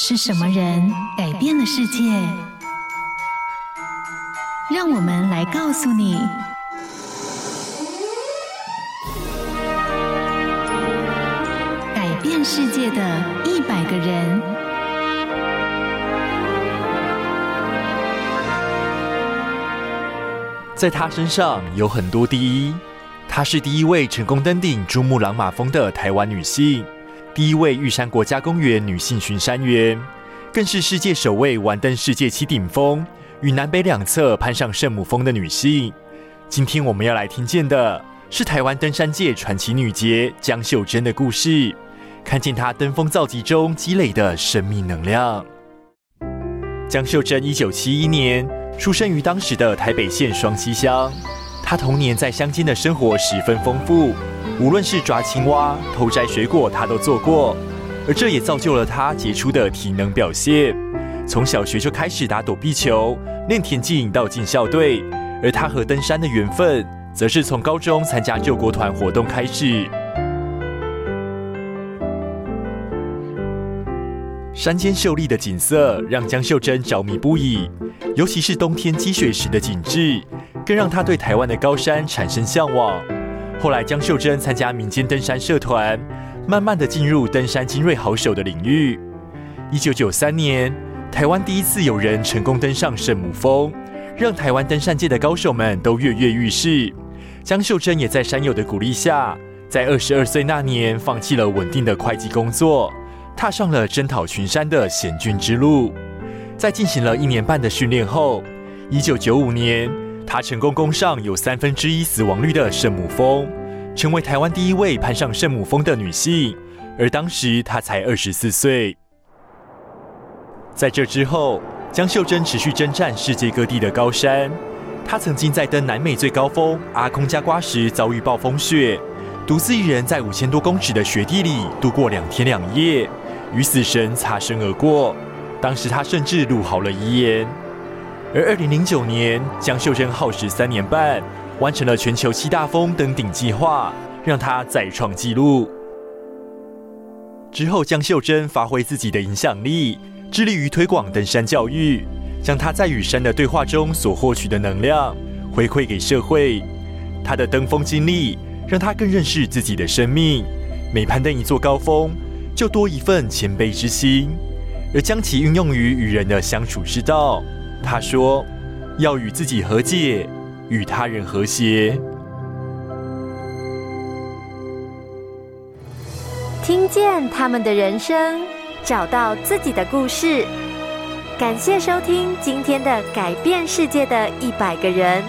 是什麼人改變了世界？讓我們來告訴你：改變世界的一百個人。在她身上有很多第一，她是第一位成功登頂珠穆朗瑪峰的台灣女性。第一位玉山國家公園女性巡山員，更是世界首位完登世界七頂峰與南北兩側攀上聖母峰的女性。今天我們要來聽見的是台灣登山界傳奇女傑江秀真的故事，看見她登峰造極中積累的生命能量。江秀真一九七一年出生於當時的台北縣雙溪鄉，她童年在鄉間的生活十分豐富。無論是抓青蛙、偷摘水果，他都做過，而這也造就了他傑出的體能表現。從小學就開始打躲避球、練田徑，到進校隊。而他和登山的緣分，則是從高中參加救國團活動開始。山間秀麗的景色讓江秀真着迷不已，尤其是冬天積雪時的景致，更讓他對台灣的高山產生向往。後來，江秀真參加民間登山社團，慢慢的進入登山精銳好手的領域。一九九三年，台灣第一次有人成功登上聖母峰，讓台灣登山界的高手們都躍躍欲試。江秀真也在山友的鼓勵下，在二十二歲那年，放棄了穩定的會計工作，踏上了征討群山的險峻之路。在進行了一年半的訓練後，一九九五年。她成功攻上有三分之一死亡率的聖母峰，成為台灣第一位攀上聖母峰的女性，而當時她才二十四歲。在這之後，江秀真持續征戰世界各地的高山。她曾經在登南美最高峰阿空加瓜時遭遇暴風雪，獨自一人在五千多公尺的雪地裡度過兩天兩夜，與死神擦身而過。當時她甚至錄好了遺言。而二零零九年，江秀真耗時三年半完成了全球七大峰登頂計劃，讓她再創紀錄。之後，江秀真發揮自己的影響力，致力於推廣登山教育，將她在與山的對話中所獲取的能量回饋給社會。她的登峰經歷讓她更認識自己的生命，每攀登一座高峰，就多一份謙卑之心，而將其運用於與人的相處之道。他說：“要與自己和解，與他人和諧。”聽見他們的人生，找到自己的故事。感謝收聽今天的《改變世界的一百個人》。